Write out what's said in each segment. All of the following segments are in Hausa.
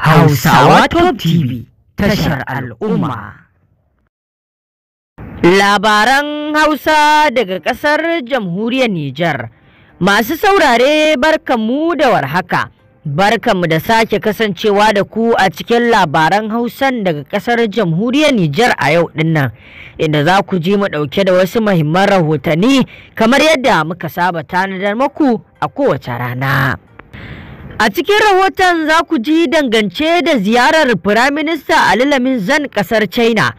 Hausawa Top TV tashar al'umma. Labaran Hausa daga ƙasar jamhuriyar Nijar. Masu saurare barkanmu da warhaka. Barkanmu da sake kasancewa da ku a cikin labaran Hausan daga ƙasar jamhuriyar Nijar a yau dinnan, inda za ku ji mu ɗauke da wasu muhimman rahotanni kamar yadda muka saba tanadar maku a kowace rana. A cikin rahoton za ku ji dangance da ziyarar Firaminista Ali Lamin Zan ƙasar China.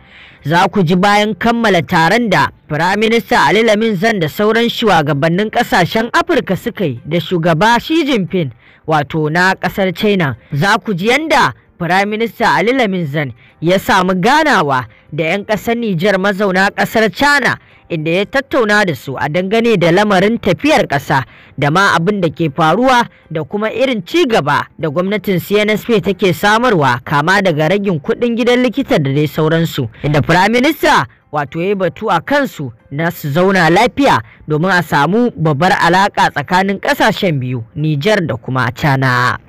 Za ku ji bayan kammala taron da Firaminista Ali Lamin Zan da sauran shugabannin ƙasashen Afirka suka yi da shugaba Xi Jinping wato na ƙasar China. Za ku ji yanda Firaminista Ali Laminzan ya samu ganawa da 'yan ƙasar Nijar mazauna ƙasar China inda ya tattauna da su a dangane da lamarin tafiyar ƙasa da ma abin da ke faruwa da kuma irin ci gaba da gwamnatin CNSP take samarwa kama daga ragin kuɗin gidan likita da dai sauransu. Inda Firaminista wato ya yi batu a kansu na su zauna lafiya domin a samu babbar alaƙa tsakanin ƙasashen biyu Nijar da kuma China.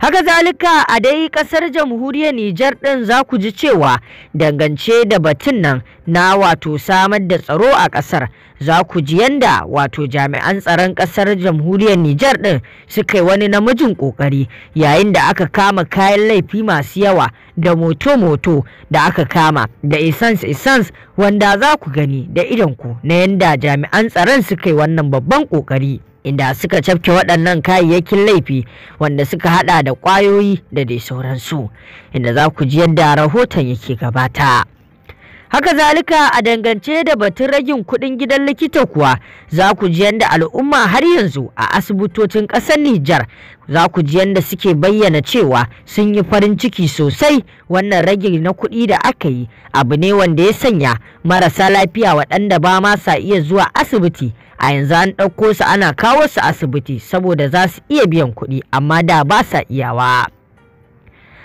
Haka zalika a dai kasar jamhuriyar Nijar ɗin za ku ji cewa dangance da batun nan na wato samar da tsaro a kasar za ku ji yanda wato jami'an tsaron kasar jamhuriyar Nijar ɗin suka yi wani namijin ƙoƙari yayin da aka kama kayan laifi masu yawa da moto-moto da aka kama da essence essence wanda za ku gani da idanku na yanda jami'an tsaron suka yi wannan babban ƙoƙari. inda suka cafke waɗannan kayayyakin laifi wanda suka hada da ƙwayoyi da dai sauransu inda za ku ji yadda rahoton yake gabata. Haka zalika a dangance da batun ragin kuɗin gidan likita kuwa za ku ji yadda al'umma har yanzu a asibitocin ƙasar Nijar za ku ji yadda suke bayyana cewa sun yi farin ciki sosai wannan ragi na kuɗi da aka yi abu ne wanda ya sanya marasa lafiya waɗanda ba ma sa iya zuwa asibiti a yanzu an ɗauko su ana kawo su asibiti saboda za su iya biyan kuɗi amma da ba sa iyawa.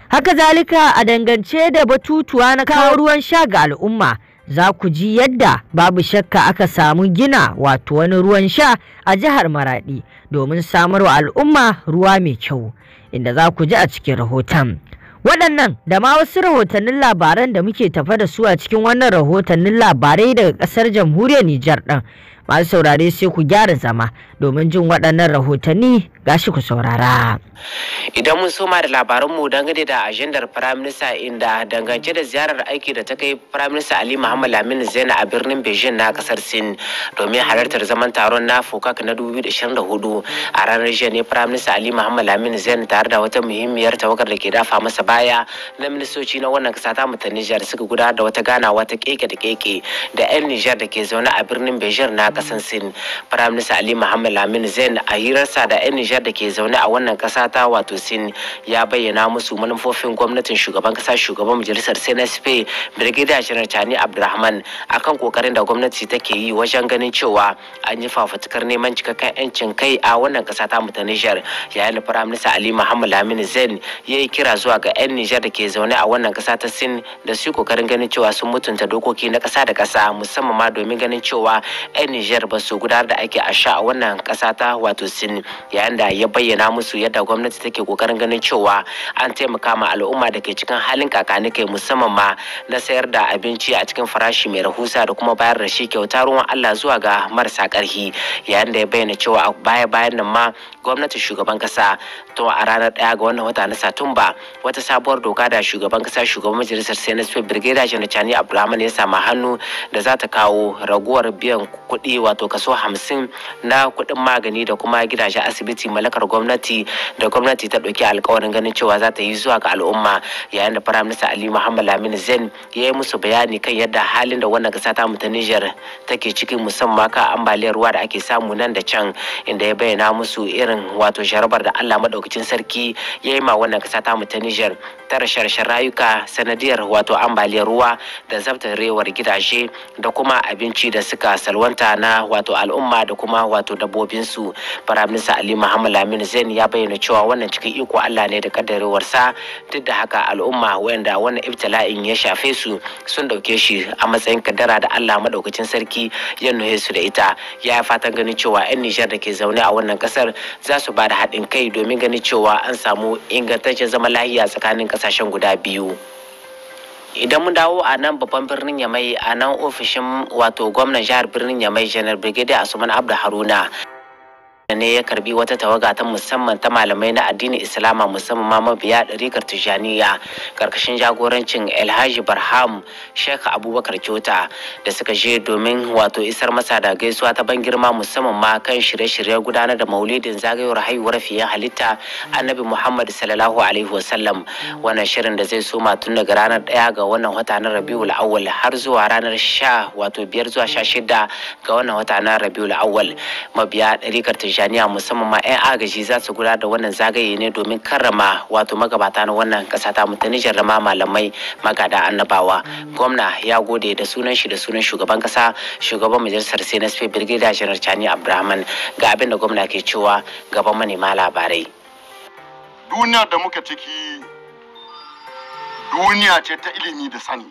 Haka zalika a dangance da batutuwa na kawo ruwan sha ga al'umma za ku ji yadda babu shakka aka samu gina wato wani ruwan sha a jihar Maradi domin samar wa al'umma ruwa mai kyau inda za ku ji a cikin rahoton. Waɗannan da ma wasu rahotannin labaran da muke tafa da su a cikin wannan rahotannin labarai daga ƙasar jamhuriyar Nijar ɗin masu saurare sai ku gyara zama domin jin waɗannan rahotanni gashi ku saurara. Idan mun soma da labaranmu dangane da ajandar Prime Minister inda dangance da ziyarar aiki da ta kai Prime Ali Muhammad Lamin Zaina a birnin Beijing na kasar Sin domin halartar zaman taron na FOCAC na hudu, a ranar jiya ne Prime Ali Muhammad Lamin Zaina tare da wata muhimmiyar tawagar da ke dafa masa baya na ministoci na wannan kasa ta mu ta Nijar suka gudanar da wata ganawa ta keke da keke da 'yan Nijar da ke zaune a birnin Beijing na kasan Sin. Prime Minister Ali Muhammad Lamin Zain a hirarsa da 'yan Nijar da ke zaune a wannan kasa ta wato Sin ya bayyana musu manufofin gwamnatin shugaban kasa shugaban majalisar CNSP Brigadier General Tani Abdulrahman akan kokarin da gwamnati take yi wajen ganin cewa an yi fafutukar neman cikakken 'yancin kai a wannan kasa ta mu ta Nijar yayin da Ali Muhammad Lamin Zain ya yi kira zuwa ga 'yan Nijar da ke zaune a wannan kasa ta Sin da su kokarin ganin cewa sun mutunta dokoki na kasa da kasa musamman ma domin ganin cewa 'yan Niger ba su gudanar da ake sha a wannan kasa ta wato Sin yayin da ya bayyana musu yadda gwamnati take kokarin ganin cewa an taimaka ma al'umma da ke cikin halin kakani kai musamman ma na sayar da abinci a cikin farashi mai rahusa da kuma bayar da shi kyauta ruwan Allah zuwa ga marasa ƙarfi yayin da ya bayyana cewa a baya bayan nan ma gwamnatin shugaban kasa to a ranar ɗaya ga wannan wata na Satumba wata sabuwar doka da shugaban kasa shugaban majalisar Senate Brigadier General Chani Abdulrahman ya sama hannu da za ta kawo raguwar biyan kuɗi wato kaso hamsin na kuɗin magani da kuma gidajen asibiti mallakar gwamnati da gwamnati ta ɗauki alkawarin ganin cewa za ta yi zuwa ga al'umma yayin da firaminista ali muhammad lamin zain ya yi musu bayani kan yadda halin da wannan ƙasa ta mu ta niger take ciki musamman ka ambaliyar ruwa da ake samu nan da can inda ya bayyana musu irin wato sharabar da allah maɗaukacin sarki ya yi ma wannan ƙasa ta mu ta niger ta rasharshen rayuka sanadiyar wato ambaliyar ruwa da rewar gidaje da kuma abinci da suka salwanta na. na wato al'umma da kuma wato dabbobinsu firaminista ali muhammad lamin zain ya bayyana cewa wannan cikin iko allah ne da kaddarewarsa duk da haka al'umma wanda wannan ibtila'in ya shafe su sun dauke shi a matsayin kaddara da allah maɗaukacin sarki ya nuhe su da ita ya yi fatan ganin cewa 'yan nijar da ke zaune a wannan kasar za su ba da haɗin kai domin ganin cewa an samu ingantaccen zama lahiya tsakanin ƙasashen guda biyu. idan mun dawo a nan babban birnin yamai a nan ofishin wato gwamnan jihar birnin yamai janar brigadier asuman abda haruna ne ya karbi wata tawaga ta musamman ta malamai na addinin islama musamman ma mabiya ɗarikar tijaniya karkashin jagorancin alhaji barham sheikh abubakar kyota da suka je domin wato isar masa da gaisuwa ta ban girma musamman ma kan shirye-shiryen gudanar da maulidin zagayowar haihuwar fiye halitta annabi muhammad sallallahu alaihi wasallam wannan shirin da zai soma tun daga ranar ɗaya ga wannan wata na rabiul awwal har zuwa ranar sha wato biyar zuwa sha shida ga wannan wata na rabiul awwal mabiya ɗarikar Tanzania musamman ma 'yan agaji za su gudanar da wannan zagaye ne domin karrama wato magabata na wannan kasa ta mu ta Nijar da ma malamai magada annabawa gwamna ya gode da sunan shi da sunan shugaban kasa shugaban majalisar CNSP Brigadier General Chani Abdulrahman ga abin da gwamna ke cewa gaban manema labarai Duniya da muka ciki duniya ce ta ilimi da sani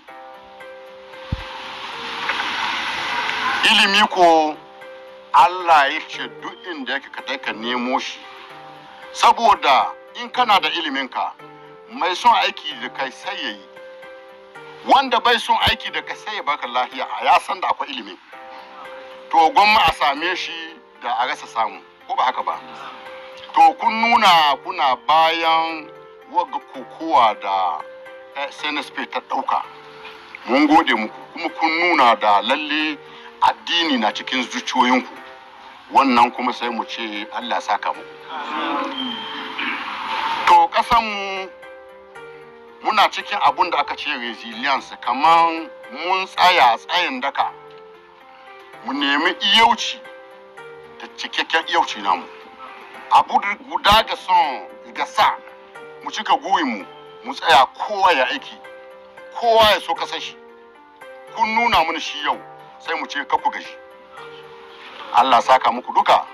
ilimi ko Allah ya ce duk inda yake ka kai ka nemo shi saboda in kana da iliminka mai son aiki da kai sai ya wanda bai son aiki da kai sai ya baka lafiya a ya san da akwai ilimi. to gwamma a same shi da a rasa samu ko ba haka ba to kun nuna kuna bayan waga kokowa da snsp ta ɗauka mun gode muku kuma kun nuna da lalle addini na cikin zuciyoyinku wannan kuma sai mu ce allah saka mu. to ƙasanmu muna cikin abun da aka ce resilience kamar mun tsaya tsayin daka mu nemi iyauci da cikakken iyauci namu abu guda da son ga sa mu cika mu mu tsaya kowa ya aiki kowa ya so kasashi shi kun nuna mana shi yau sai mu ce kaku gashi Allah saka muku duka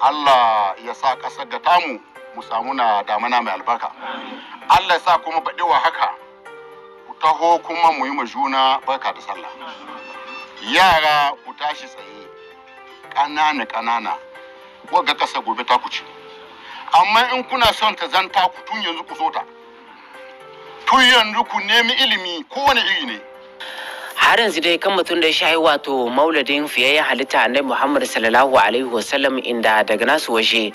Allah ya sa ƙasar da tamu mu samu na damana mai albarka Allah ya sa kuma wa haka ku taho kuma mu yi ma juna barka da sallah yara ku tashi tsaye ƙanana ƙanana wagga ƙasa gobe ta ku ci, amma in kuna son ta zanta ku tun yanzu ku so ta tun yanzu ku nemi ilimi kowane iri ne har yanzu dai kan mutum da ya shayi wato mauladin fiyayyen halitta na muhammad sallallahu alaihi wasallam inda daga nasu waje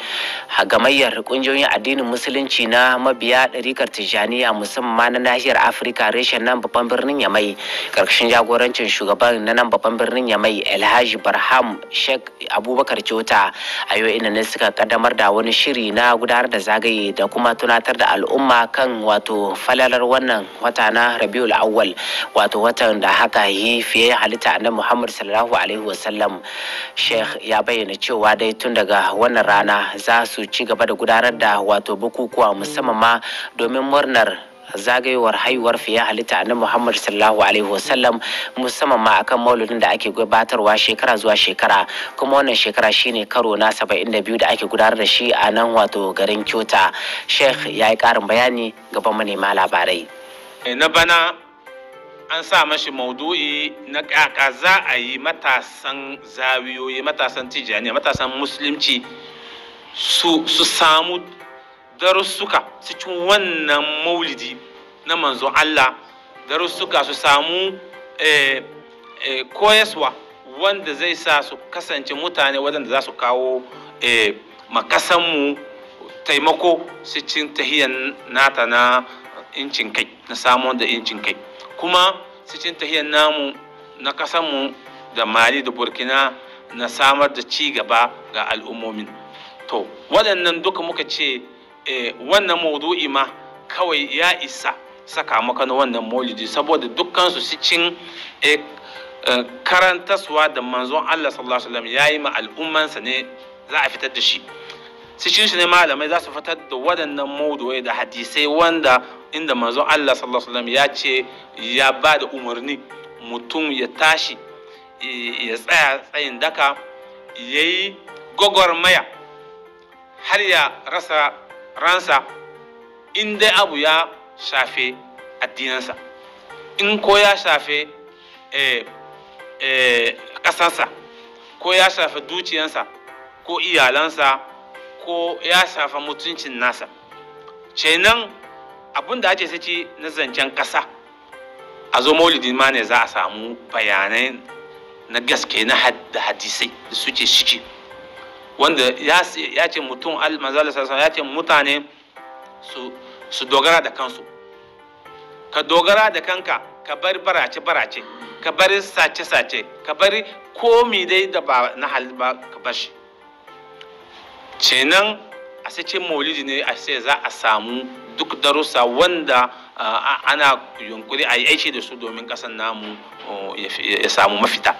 gamayyar kungiyoyin addinin musulunci na mabiya ɗarikar tijjaniya musamman na nahiyar afirka reshen nan babban birnin yamai karkashin jagorancin shugaban na nan babban birnin yamai alhaji barham sheikh abubakar jota a yau ina ne suka kaddamar da wani shiri na gudanar da zagaye da kuma tunatar da al'umma kan wato falalar wannan wata na rabiul awwal wato watan da haka yi fiye halitta annabi Muhammad sallallahu alaihi wa sallam Sheikh ya bayyana cewa dai tun daga wannan rana za su ci gaba da gudanar da wato bukukuwa musamman ma domin murnar zagayowar haihuwar fiye halitta annabi Muhammad sallallahu alaihi wa sallam musamman ma akan mauludin da ake gabatarwa shekara zuwa shekara kuma wannan shekara shine karo na 72 da ake gudanar da shi a nan wato garin Kyota Sheikh ya yi karin bayani gaban manema labarai na bana an sa mashi maudu'i na ƙaƙa za a yi matasan zawiyoyi matasan tijaniya matasan musulunci su samu darussuka cikin wannan maulidi na manzo Allah darussuka su samu eh, eh, koyaswa wanda zai sa su kasance mutane wadanda za su kawo eh, makasanmu taimako su cin tahiyan nata na incin kai na samun da incin kai kuma cikin tahiyar namu na ƙasanmu da mali da burkina na samar da ci gaba ga al'ummomin to waɗannan duka muka ce eh, wannan maudu'i ma kawai ya isa sakamakon wannan maulidi saboda dukkansu cikin eh, eh, karantaswa da manzon Allah sallallahu alaihi ya yi ma al'ummansa ne za a fitar da shi cikin shi ne malamai za su fitar da waɗannan maudu'i da hadisai wanda inda manzon Allah sallallahu alaihi ya ce ya ba da umarni mutum ya tashi ya tsaya tsayin daka ya yi maya har ya rasa ransa in dai abu ya shafe addinansa in ko ya shafe eh, eh, ƙasarsa ko ya shafe dukiyansa ko iyalansa ko ya shafe mutuncin nasa kenan abin da ake sace na zancen ƙasa a zo maulidin ma ne za a samu bayanai na gaske na hadisai da suke shiki wanda ya ce mutum almanzala sassan ya ce mutane su dogara da kansu ka dogara da kanka ka bari barace-barace ka bari sace-sace ka bari komi dai da ba na hal ba ka bashi shi a sace maulidi ne a sai za a samu duk darussa wanda ana yunkuri a yi aiki da su domin kasan namu ya samu mafita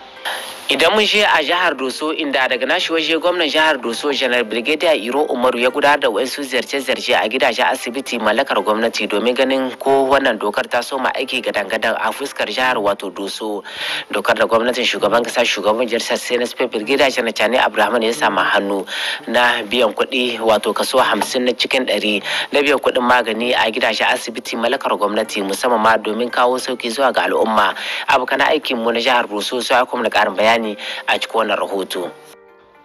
idan mun je a jihar doso inda daga nashi waje gwamnan jihar doso janar brigadier iro umaru ya gudanar da wasu ziyarce zarce a gidajen asibiti mallakar gwamnati domin ganin ko wannan dokar ta soma aiki gadan-gadan a fuskar jihar wato doso dokar da gwamnatin shugaban kasa shugaban Jirsar senes brigadier janar chani abraham ya sama hannu na biyan kuɗi wato kaso hamsin na cikin ɗari na biyan kuɗin ma magani a gidajen asibiti mallakar gwamnati musamman ma domin kawo sauki zuwa ga al'umma abokan aikin mu na jihar Borno su a kuma karin bayani a cikin wannan rahoto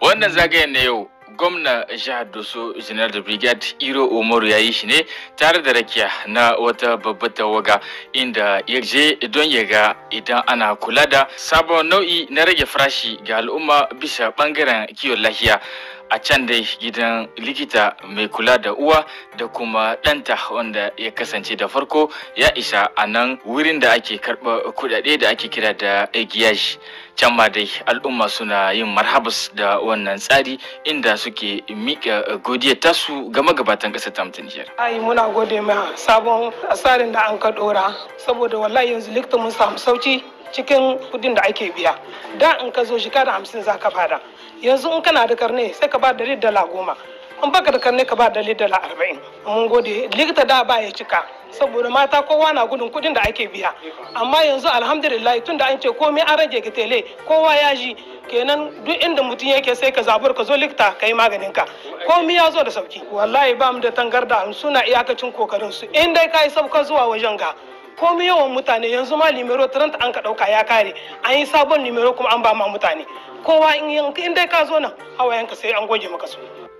wannan zagayen na yau gwamna jihar doso general da brigade iro umaru ya yi shi ne tare da rakiya na wata babbar tawaga inda ya je don ya ga idan ana kula da sabon nau'i na rage farashi ga al'umma bisa bangaren kiwon lafiya a can dai gidan likita mai kula da uwa da kuma ɗanta wanda ya kasance da farko ya isa a nan wurin da ake karɓa kuɗaɗe da ake kira da giyashi can ma dai al'umma suna yin marhabas da wannan tsari inda suke miƙa godiya tasu ga gabatan ƙasar ta jiyar. Ai muna gode ma sabon tsarin da an ka ɗora saboda wallahi yanzu likita mun samu sauki cikin kudin da ake biya da in ka zo shekara hamsin za ka fada yanzu in kana da karne sai ka ba da dala goma in baka da karne ka ba da dala arba'in mun gode likita da ba ya cika saboda mata kowa na gudun kudin da ake biya amma yanzu alhamdulillah tunda an ce komai an rage ka tele kowa ya ji kenan duk inda mutum yake sai ka zabar ka zo likita ka yi maganin ka komai ya zo da sauki wallahi ba mu da tangarda suna iyakacin kokarin su in dai ka yi sauka zuwa wajen ga komai yawan mutane yanzu ma limero 30 an ka dauka ya kare an yi sabon limero kuma an ba ma mutane kowa in dai ka zo nan hawayenka sai an goge maka su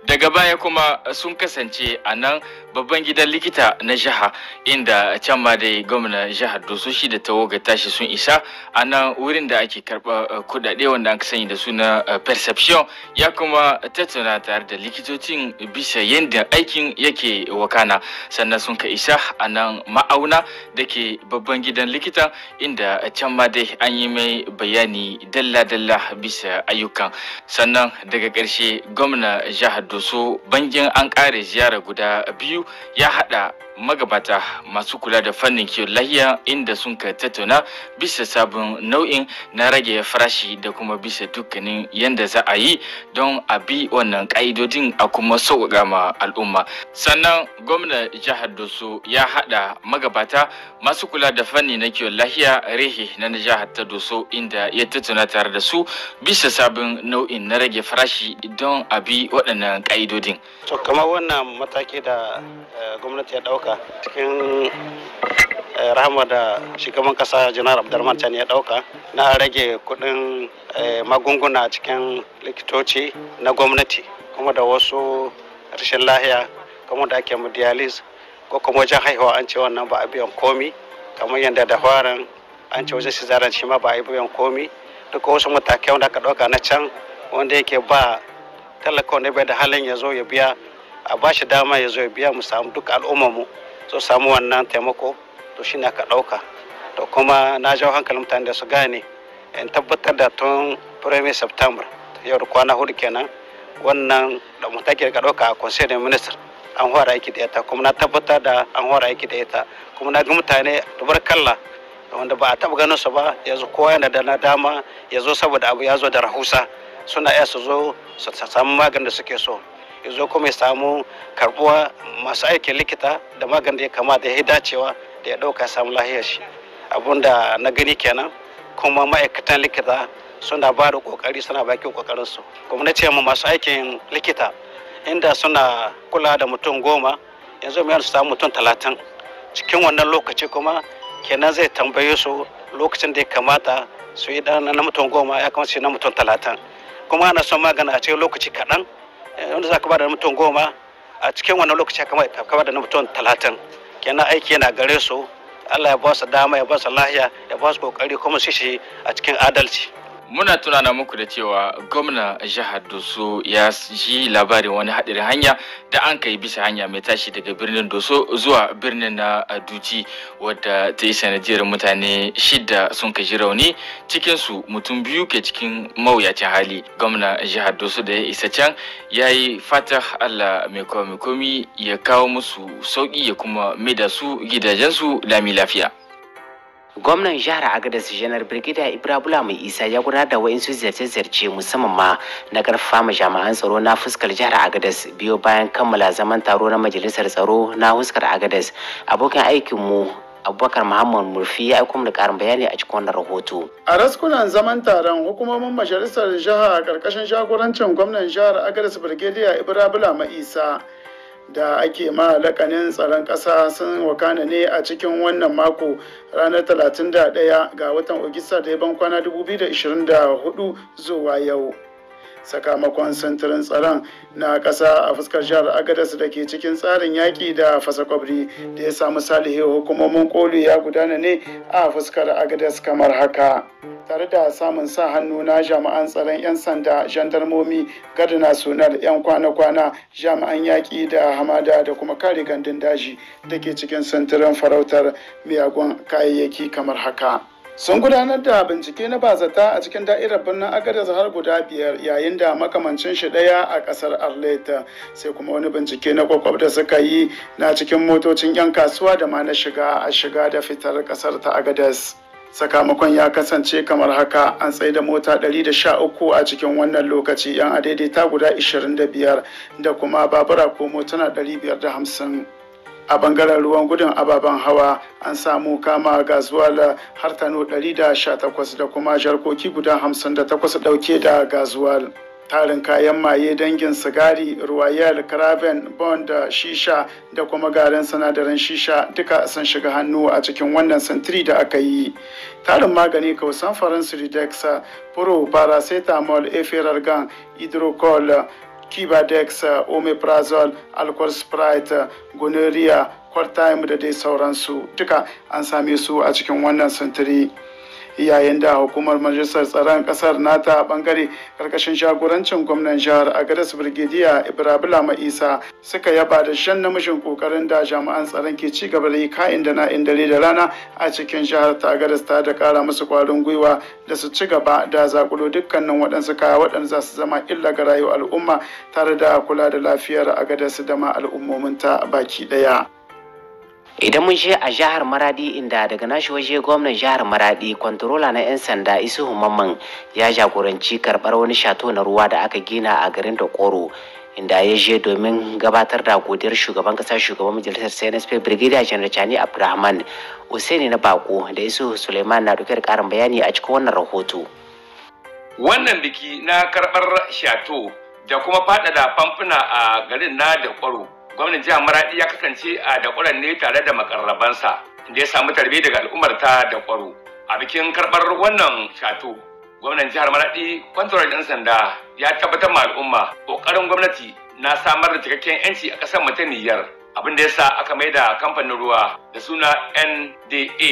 daga baya kuma sun kasance a nan babban gidan likita na jiha inda can ma dai gwamna jihar dososhi da tawoga tashi sun isa a nan wurin da ake karɓa eh, kudade wanda an sani da suna eh, perception ya kuma tattauna tare da likitocin bisa yadda aikin yake wakana sannan sun ka isa a nan ma'auna da ke babban gidan likita inda can ma dai an yi mai bayani dalla-dalla bisa ayyukan sannan daga ƙarshe gwamna jihar to su bangin an ƙare ziyara guda biyu ya haɗa magabata masu kula da fannin kiwon lahiya inda sun ka tattauna bisa sabon nau'in na rage farashi da kuma bisa dukkanin yadda za a yi don a bi wannan ƙa'idodin a kuma sauƙaƙa ma al'umma sannan gwamnan jihar doso ya haɗa magabata masu kula da fanni na kiwon lahiya rehe na jihar ta doso inda ya tattauna tare da su bisa sabon nau'in na rage farashi don a bi waɗannan ƙa'idodin. kamar wannan mataki da eh, gwamnati ya ɗauka dauka cikin eh, rahama da shugaban kasa janar abdulman can ya dauka na rage kuɗin eh, magunguna cikin likitoci na gwamnati kuma da wasu rashin lahiya kuma da ake mu dialis ko kuma wajen haihuwa an ce wannan ba a biyan komi kamar yadda da farin an ce wajen sizaran shi ma ba a biyan komi duk wasu matakai wanda aka ɗauka na can wanda yake ba talakon da bai da halin ya zo ya biya a ba shi dama ya zo ya biya mu samu duka al'umma mu su samu wannan taimako to shi aka ɗauka to kuma na jawo hankalin mutane da su gane in tabbatar da tun premier september yau da kwana hudu kenan wannan da mataki ka ɗauka a conseil da ministres an fara aiki da ita kuma na tabbatar da an fara aiki da ita kuma na ga mutane bar kalla wanda ba a taɓa ganin su ba yanzu kowa yana da dama ya zo saboda abu ya zo da rahusa suna iya su zo su samu maganin da suke so ya zo kuma ya samu karbuwa masu aikin likita da maganin da ya kama da ya dacewa da ya ɗauka samu lahiyar shi abun na gani kenan kuma ma'aikatan likita suna ba da kokari suna bakin su kuma na ce mu masu aikin likita inda suna kula da mutum goma yanzu mu su samu mutum talatin cikin wannan lokaci kuma kenan zai tambaye su lokacin da ya kamata su yi na mutum goma ya kamata su yi na mutum talatin kuma ana son magana a cikin lokaci kaɗan Eh, wanda za ka bada mutum goma a cikin wannan lokaci ka bada na mutum talatin kenan aiki yana gare su allah ya ba su dama ya ba su lahiya ya ba su kokari kuma su shi a cikin adalci muna tunana muku da cewa gwamna jihar doso ya ji labarin wani haɗarin hanya da an kai bisa hanya mai tashi daga birnin doso zuwa birnin na duji wadda ta yi sanadiyar mutane shida sun kashi rauni cikinsu mutum biyu ke cikin mawuyacin hali gwamna jihar doso da ya isa can ya yi allah mai komi komi ya kawo musu sauƙi ya kuma maida su gidajensu lami lafiya gwamnan jihar agadas janar birgida ibrahima mai isa ya gudanar da wa'insu ziyarce-ziyarce musamman ma na karfafa jami'an tsaro na fuskar jihar agadas biyo bayan kammala zaman taro na majalisar tsaro na fuskar agadas abokin aikinmu abubakar muhammad murfi ya aiko da karin bayani a cikin wannan rahoto a raskunan zaman taron hukumomin majalisar jiha a karkashin jagorancin gwamnan jihar agadas birgediya ibrahima mai isa da ake ma lakanin tsaron ƙasa sun wakana ne a cikin wannan mako ranar 31 ga watan ogista da ya bankwana 2024 zuwa yau. sakamakon sintirin tsaron na ƙasa a fuskar jihar agadas da ke cikin tsarin yaƙi da fasa kwabri da ya samu salihu hukumomin koli ya gudana ne a fuskar agadas kamar haka tare da samun sa hannu na jami'an tsaron 'yan sanda jandarmomi na sunar 'yan kwana-kwana jami'an yaƙi da hamada da kuma kare gandun daji da ke cikin sintirin farautar miyagun kayayyaki kamar haka. sun gudanar da bincike na bazata a cikin da'irar birnin agada har guda biyar yayin da makamancin shi daya a kasar arleta sai kuma wani bincike na kwakwab da suka yi na cikin motocin 'yan kasuwa da ma na shiga a shiga da fitar kasar ta agadas sakamakon ya kasance kamar haka an tsaye da mota 113 a cikin wannan lokaci 'yan adaidaita guda 25 da kuma babura ko motuna 550 a bangaren ruwan gudun ababen hawa an samu kama gazuwal har tano 118 da kuma jarkoki guda 58 dauke da gazuwal. tarin kayan maye dangin sigari royal craven bond shisha da kuma garin sinadarin shisha duka sun shiga hannu a cikin wannan sintiri da aka yi tarin magani kausan faransu redexa pro paracetamol gan, hydrocol kibadex eh, omeprazole alcohol sprite eh, gonorrhea kwartime da dai sauransu duka an same su a cikin wannan sintiri. yayin da hukumar majalisar tsaron kasar nata bangare karkashin jagorancin gwamnan jihar agadas birgidiya ibrahim isa suka yaba da shan namijin kokarin da jami'an tsaron ke ci gaba da yi ka'in da na'in dare da rana a cikin jihar ta agadas ta da kara musu kwarin gwiwa da su ci gaba da zakulo dukkanin waɗansu kaya waɗanda za su zama illa ga rayuwar al'umma tare da kula da lafiyar agadas da ma al'ummomin ta baki ɗaya. idan mun je a jihar maradi inda daga nashi waje gwamnan jihar maradi kwantarola na 'yan sanda isu mamman ya jagoranci karbar wani shato na ruwa da aka gina a garin da koro inda ya je domin gabatar da godiyar shugaban kasa shugaban majalisar cnsp brigadier general chani abdulrahman Hussaini na bako da isu suleiman na dauke da karin bayani a cikin wannan rahoto wannan biki na karbar shato da kuma da famfuna a garin na da kwaro gwamnan jihar maradi ya kasance a dakwaran ne tare da makarrabansa da ya samu tarbi daga al'ummar ta da kwaro a bikin karɓar wannan shato gwamnan jihar maradi Kwantar yan sanda ya tabbatar ma al'umma ƙoƙarin gwamnati na samar da cikakken yanci a ƙasar mu ta niyyar abin da yasa aka mai da kamfanin ruwa da suna nda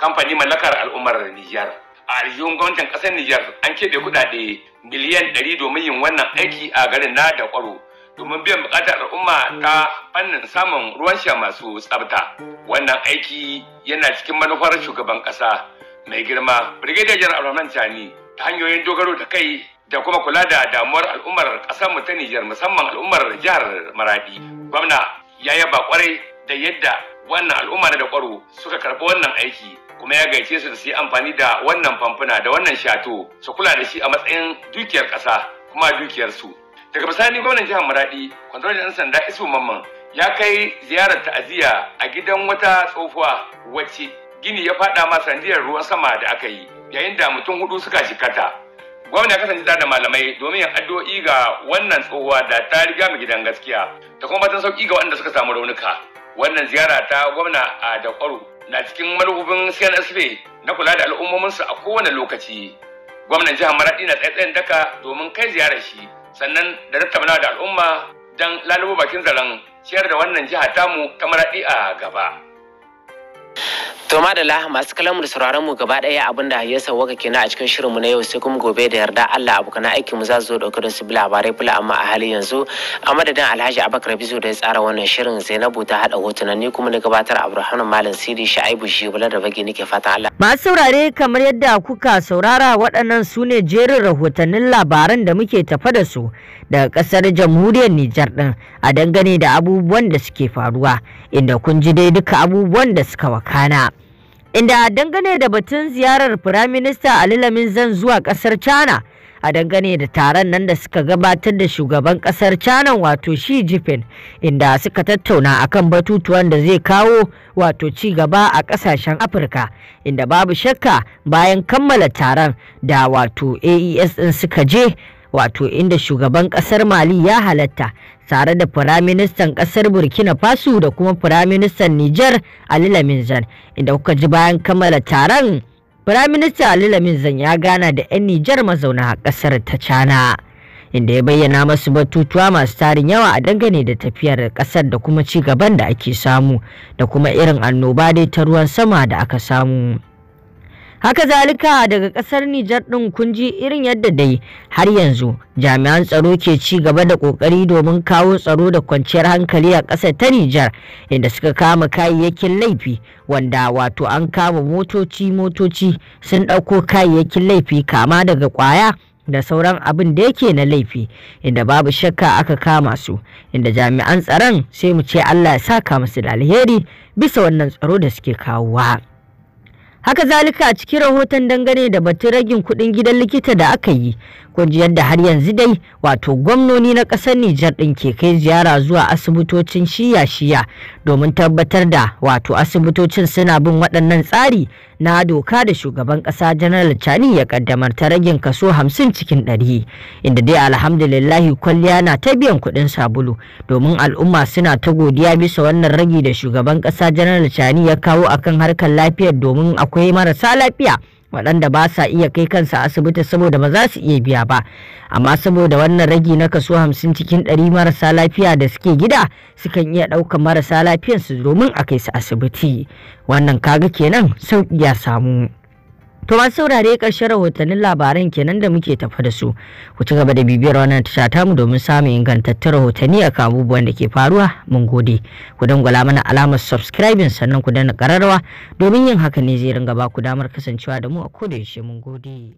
kamfani mallakar al'ummar niyyar a aljihun gwamnatin ƙasar niyyar an keɓe kuɗaɗe miliyan ɗari domin yin wannan aiki a garin na da kwaro domin biyan bukatar al'umma ta fannin samun ruwan sha masu tsabta wannan aiki yana cikin manufar shugaban ƙasa. mai girma brigadier general abdulrahman tani ta hanyoyin dogaro da kai da kuma kula da damuwar al'ummar kasar mu ta Nijar musamman al'ummar jihar Maradi gwamna ya yaba kwarai da yadda wannan al'umma da kwaro suka karɓi wannan aiki kuma ya gaice su da su yi amfani da wannan famfuna da wannan shato su kula da shi a matsayin dukiyar ƙasa kuma dukiyar su daga bisani gwamnan jihar maradi kwantar da sanda isu mamman ya kai ziyarar ta'aziyya a gidan wata tsohuwa wacce gini ya faɗa ma sandiyar ruwan sama da aka yi yayin da mutum hudu suka shikata gwamna ya kasance da malamai domin yin addu'o'i ga wannan tsohuwa da ta riga mu gidan gaskiya ta kuma batun sauki ga waɗanda suka samu raunuka wannan ziyara ta gwamna a da kwaro na cikin siyan CNSP na kula da al'ummominsu a kowane lokaci gwamnan jihar maradi na tsaye daka domin kai ziyarar shi sannan da tattauna da al'umma don lalubo bakin zaren ciyar da wannan jiha tamu ta maraɗi a gaba. To madalla masu kalamu da sauraron mu gaba daya abin da ya sauwaka kenan a cikin shirinmu na yau sai kuma gobe da yarda Allah abokan aikin mu za su zo dauke da su labarai fula amma a halin yanzu a madadin Alhaji Abakar Bizo da ya tsara wannan shirin Zainabu ta hada hotunan ni kuma na gabatar Abdulrahman Malam Sidi Shaibu Shibula da bage nake fata Allah. Masu saurare kamar yadda kuka saurara waɗannan su ne jerin rahotannin labaran da muke tafa da su daga kasar jamhuriyar Nijar din a dangane da abubuwan da suke faruwa inda kun ji dai duka abubuwan da suka wakana. inda dangane da batun ziyarar firaminista Ali Lamin zan zuwa kasar China a dangane da taron nan da suka gabatar da shugaban kasar China wato Xi Jinping inda suka tattauna a kan batutuwan da zai kawo wato ci gaba a kasashen Afirka inda babu shakka bayan kammala taron da wato AES din suka je wato inda shugaban kasar mali ya halatta tare da firaministan kasar burkina faso da kuma firaministan niger ali laminzan inda kuka ji bayan kammala taron firaminista ali laminzan ya gana da 'yan niger mazauna kasar ta cana inda ya bayyana masu batutuwa masu tarin yawa a dangane da tafiyar kasar da kuma ci gaban da ake samu da kuma irin annoba dai ta ruwan sama da aka samu. haka zalika daga kasar Nijar ɗin kun ji irin yadda dai har yanzu jami'an tsaro ke ci gaba da kokari domin kawo tsaro da kwanciyar hankali a kasar ta Nijar inda suka kama kayayyakin laifi wanda wato an kama motoci motoci sun ɗauko kayayyakin laifi kama daga kwaya da sauran abin da yake na laifi inda babu shakka aka kama su inda jami'an tsaron sai mu ce Allah ya saka musu da alheri bisa wannan tsaro da suke kawowa. Haka zalika a cikin rahoton dangane da batun ragin kuɗin gidan likita da aka yi, kun ji yadda har yanzu dai wato gwamnoni na ƙasar Nijar ɗin ke kai ziyara zuwa asibitocin shiya-shiya domin tabbatar da wato asibitocin suna bin waɗannan tsari na doka da shugaban ƙasa janar Chani ya ƙaddamar ta ragin kaso 50 cikin 100 inda dai alhamdulillahi kwalliya na ta biyan kuɗin sabulu domin al'umma suna ta godiya bisa wannan ragi da shugaban ƙasa janar Chani ya kawo akan harkar lafiyar domin akwai marasa lafiya waɗanda ba sa iya kai kansa asibiti saboda ba za su iya biya ba amma saboda wannan ragi na kaso hamsin cikin ɗari marasa lafiya da suke gida sukan iya ɗaukar marasa lafiyansu domin a kai su asibiti wannan kaga kenan sauƙi ya samu To masu saurare ƙarshen rahotannin labaran kenan da muke tafa da su. Ku ci gaba da bibiyar wannan tasha mu domin samun ingantattun rahotanni a kan abubuwan da ke faruwa. Mun gode. Ku dangwala mana alamar subscribing sannan ku danna ƙararrawa domin yin haka ne zai ringa ba ku damar kasancewa da mu a kodayaushe. Mun gode.